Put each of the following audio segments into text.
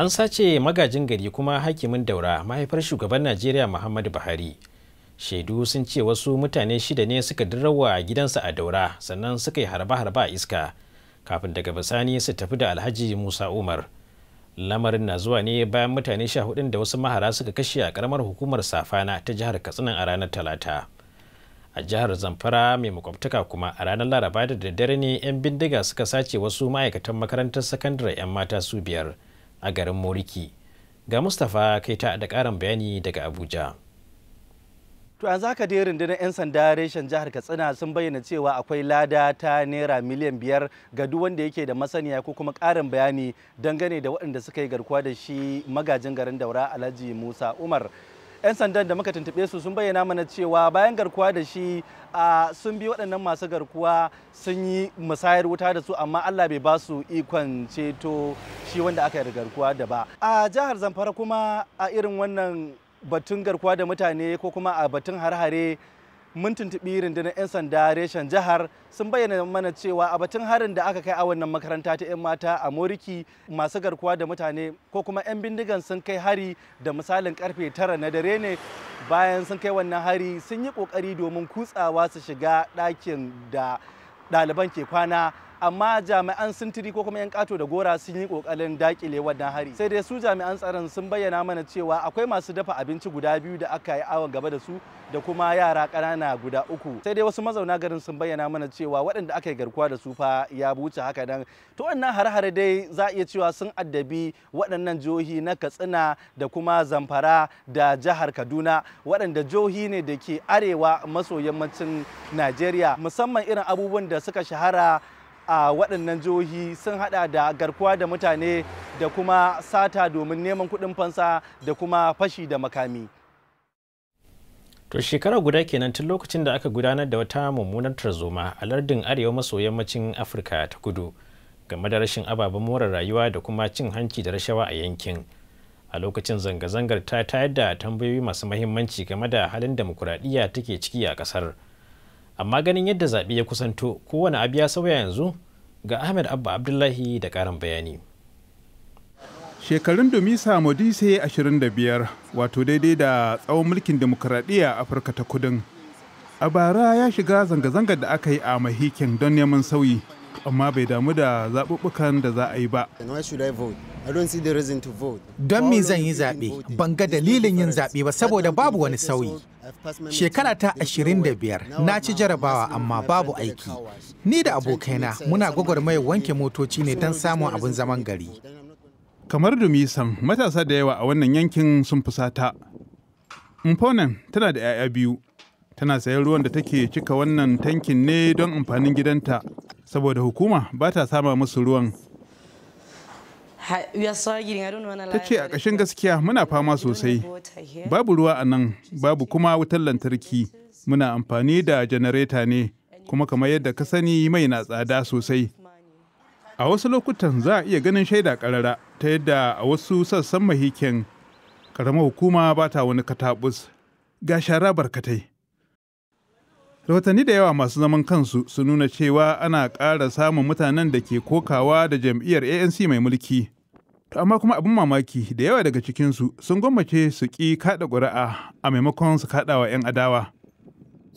an sace magajin gari kuma hakimin daura mahaifar shugaban najeriya muhammadu buhari shaidu sun ce wasu mutane shida ne suka dirrawa gidansa a daura sannan suka yi harba-harba a iska kafin daga bisani su tafi da alhaji musa umar lamarin na zuwa ne bayan mutane sha hudun da wasu mahara suka kashe a karamar hukumar safana ta jihar katsina a ranar talata a jihar zamfara mai makwabtaka kuma a ranar laraba da daddare ne 'yan bindiga suka sace wasu ma'aikatan makarantar sakandare 'yan mata su biyar a garin moriki ga mustapha kaita da karin bayani daga abuja To yanzu haka dai rundunar 'yan sanda reshen jihar Katsina sun bayyana cewa akwai lada ta naira miliyan biyar ga duk wanda yake da masaniya ko kuma ƙarin bayani dangane da waɗanda suka yi garkuwa da shi magajin garin daura Alhaji Musa Umar. 'yan sandan da muka tuntuɓe su sun bayyana mana cewa bayan garkuwa da shi sun bi waɗannan masu garkuwa sun yi musayar wuta da su amma Allah bai ba su ikon ceto shi wanda aka yi garkuwa da ba a jihar Zamfara kuma a irin wannan batun garkuwa da mutane ko kuma a batun har-hare mun tuntuɓi rundunar 'yan sanda reshen jihar sun bayyana mana cewa a batun harin da aka kai a wannan makaranta ta 'yan mata a moriki masu garkuwa da mutane ko kuma 'yan bindigan sun kai hari da misalin karfe tara na dare ne bayan sun kai wannan hari sun yi kokari domin kutsawa su shiga ɗakin da ɗaliban ke kwana amma jami'an sintiri ko kuma 'yan kato da gora sun yi kokarin dakile wannan hari sai dai su jami'an tsaron sun bayyana mana cewa akwai masu dafa abinci guda biyu da aka yi awon gaba da su da kuma yara ƙanana guda uku sai dai wasu mazauna garin sun bayyana mana cewa waɗanda aka yi garkuwa da su fa ya buce haka nan to wannan har-hare dai za a iya cewa sun addabi waɗannan jihohi na katsina da kuma zamfara da jihar kaduna waɗanda jihohi ne da ke arewa maso yammacin najeriya musamman irin abubuwan da suka shahara a waɗannan jihohi sun haɗa da garkuwa da mutane da kuma sata domin neman kuɗin fansa da kuma fashi da makami. To shekara guda kenan tun lokacin da aka gudanar da wata mummunar tarzoma a lardin arewa maso yammacin Afirka ta kudu game da rashin ababen more rayuwa da kuma cin hanci da rashawa a yankin. A lokacin zanga-zangar ta tayar da tambayoyi masu mahimmanci game da halin demokuraɗiyya take ciki a ƙasar. amma ganin yadda zaɓe ya kusanto kowane abu ya sauya yanzu ga ahmed abba abdullahi da ƙarin bayani shekarun domisa modise 25 wato daidai da tsawon mulkin demokuraɗiyya a afirka ta kudin a bara ya shiga zanga-zangar da aka yi a mahikin don neman sauyi amma bai damu da zaɓuɓɓukan da za a yi ba Don me zan yi zaɓe, ban ga dalilin yin zaɓe ba saboda babu wani sauyi. Shekara ta ashirin da biyar na ci jarabawa amma babu aiki. Ni da abokaina uh, muna gwagwarmayar wanke motoci ne don samun abin zaman gari. Kamar Dumisan, um, matasa da yawa a wannan yankin sun fusata. Mponen tana da 'ya'ya biyu, tana sayan ruwan da take cika wannan tankin ne don amfanin gidanta, saboda hukuma ba ta sama musu ruwan. ta ce a ƙashin gaskiya muna fama sosai babu ruwa a nan babu kuma wutar lantarki muna amfani da janareta ne kuma kamar yadda ka sani mai na tsada sosai a wasu lokutan za a iya ganin shaida ƙarara ta yadda a wasu sassan mahikin ƙaramar hukuma ba ta wani katabus ga shara barkatai rahotanni da yawa masu zaman kansu sun nuna cewa ana ƙara samun mutanen da ke kokawa da jam'iyyar anc mai mulki to amma kuma abin mamaki da yawa daga cikinsu sun gwammace su ƙi kaɗa ƙuri'a a maimakon su kaɗawa 'yan adawa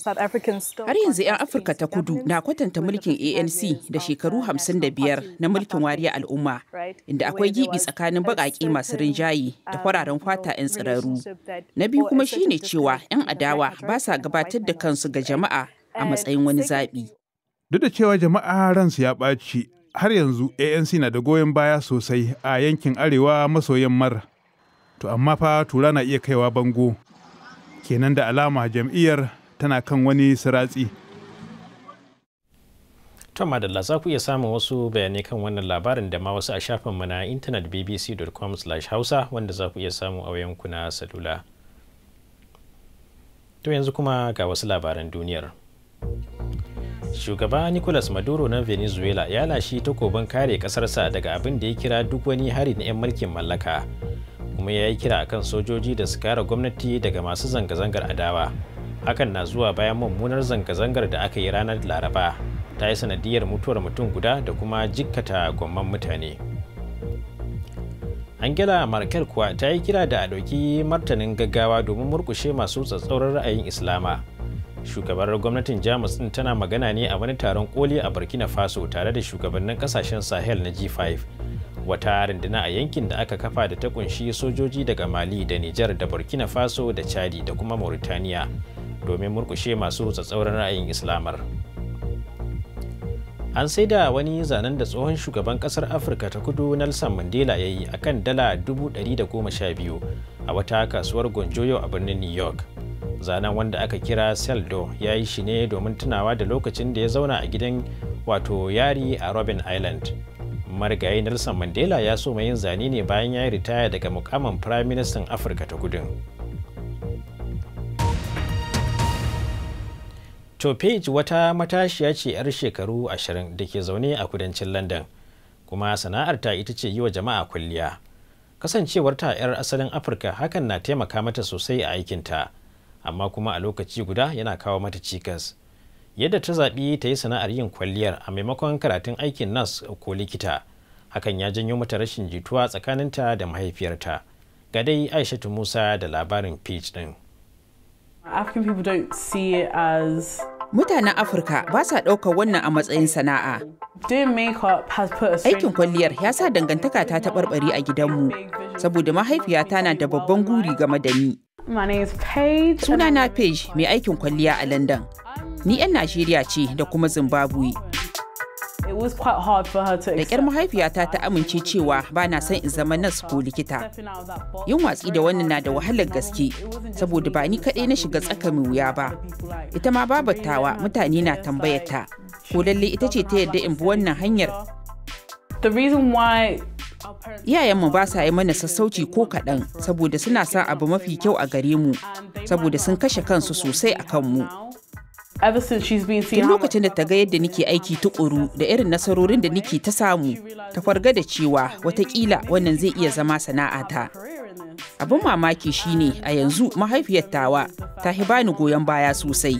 Har yanzu 'yan Afirka ta kudu na kwatanta mulkin ANC da shekaru 55 na mulkin wariya al'umma, inda akwai gibi tsakanin baƙaƙe masu rinjaye da kwararen kwata 'yan tsiraru. Na biyu kuma shine cewa 'yan adawa ba sa gabatar da kansu ga jama'a a matsayin wani zaɓi. Duk da cewa jama'a ransu ya ɓaci, har yanzu ANC na da goyon baya sosai a yankin arewa maso yammar. To amma fa tura na iya kaiwa bango. Kenan da alama jam'iyyar tana kan wani siratsi Tom Adalla za ku iya samun wasu bayanai kan wannan labarin da ma wasu a shafin na intanet bbc.com/hausa wanda za ku iya samu a wayanku na salula. To yanzu kuma ga wasu labaran duniyar. Shugaba Nicolas Maduro na Venezuela ya lashi takobin kare kasarsa daga abin da ya kira duk wani hari na 'yan mulkin mallaka, kuma ya yi kira a kan sojoji da su kare gwamnati daga masu zanga-zangar adawa. hakan na zuwa bayan mummunar zanga-zangar da aka yi ranar laraba ta yi sanadiyar mutuwar mutum guda da kuma jikkata gwamman mutane angela markel kuwa ta yi kira da a ɗauki martanin gaggawa domin murkushe masu tsatsauran ra'ayin islama shugabar gwamnatin jamus din tana magana ne a wani taron koli a burkina faso tare da shugabannin kasashen sahel na g5 wata rundunar a yankin da aka kafa da ta kunshi sojoji daga mali da niger da burkina faso da chadi da kuma mauritaniya domin murkushe masu tsatsauran ra'ayin islamar an sai da wani zanen da tsohon shugaban kasar afirka ta kudu nelson mandela ya yi a kan dala 112 a wata kasuwar gonjoyo a birnin new york zanen wanda aka kira seldo ya yi shi ne domin tunawa da lokacin da ya zauna a gidan wato yari a robin island marigayi nelson mandela ya so yin zane ne bayan ya yi ritaya daga mukamin prime minister afirka ta kudu. Topage wata matashiya ce 'yar shekaru 20 da ke zaune a kudancin London, kuma sana'arta ita ce yi wa jama'a kwalliya. Kasancewarta 'yar asalin Afirka hakan na taimaka mata sosai a aikinta, amma kuma a lokaci guda yana kawo mata cikas. Yadda ta zaɓi ta yi sana'ar yin kwalliyar a maimakon karatun aikin nas ko likita, hakan ya janyo mata rashin jituwa tsakaninta da mahaifiyarta. Ga dai Aishatu Musa da labarin Peach ɗin. African people don't see it as Mutanen Afirka ba sa ɗaukar wannan a matsayin sana'a. Aikin kwalliyar ya sa dangantaka ta taɓarɓare a gidanmu, saboda mahaifiyata na da babban guri game da ni. na Page mai aikin kwalliya a London. Ni 'yan Najeriya ce da kuma Zimbabwe. Da ƙyar mahaifiyata ta amince cewa ba na son in zama nas ko likita. Yin watsi da wannan na da wahalar gaske, saboda ba ni kaɗai na shiga tsaka mai wuya ba. Ita ma babattawa mutane na tambayata, ko lalle ita ce ta yadda in bi wannan hanyar. Iyayenmu ba sa yi mana sassauci ko kaɗan saboda suna sa abu mafi kyau a gare mu, saboda sun kashe kansu sosai a kanmu. ever Tun lokacin da ta ga yadda nike aiki tukuru da irin nasarorin da nike ta samu, ta farga da cewa watakila wannan zai iya zama sana'a ta Abin mamaki shine a yanzu mahaifiyar tawa ta bani goyon baya sosai.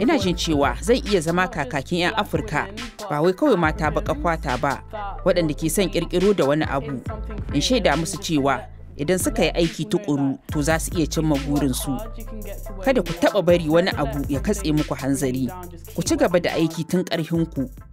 Ina jin cewa zai iya zama kakakin 'yan Afirka ba wai kawai mata baka ba waɗanda ke son kirkiro da wani abu. In shaida musu cewa idan suka yi aiki tukuru to za su iya cimma burinsu kada ku taɓa bari wani abu ya katse muku hanzari ku ci gaba da aiki tun ku.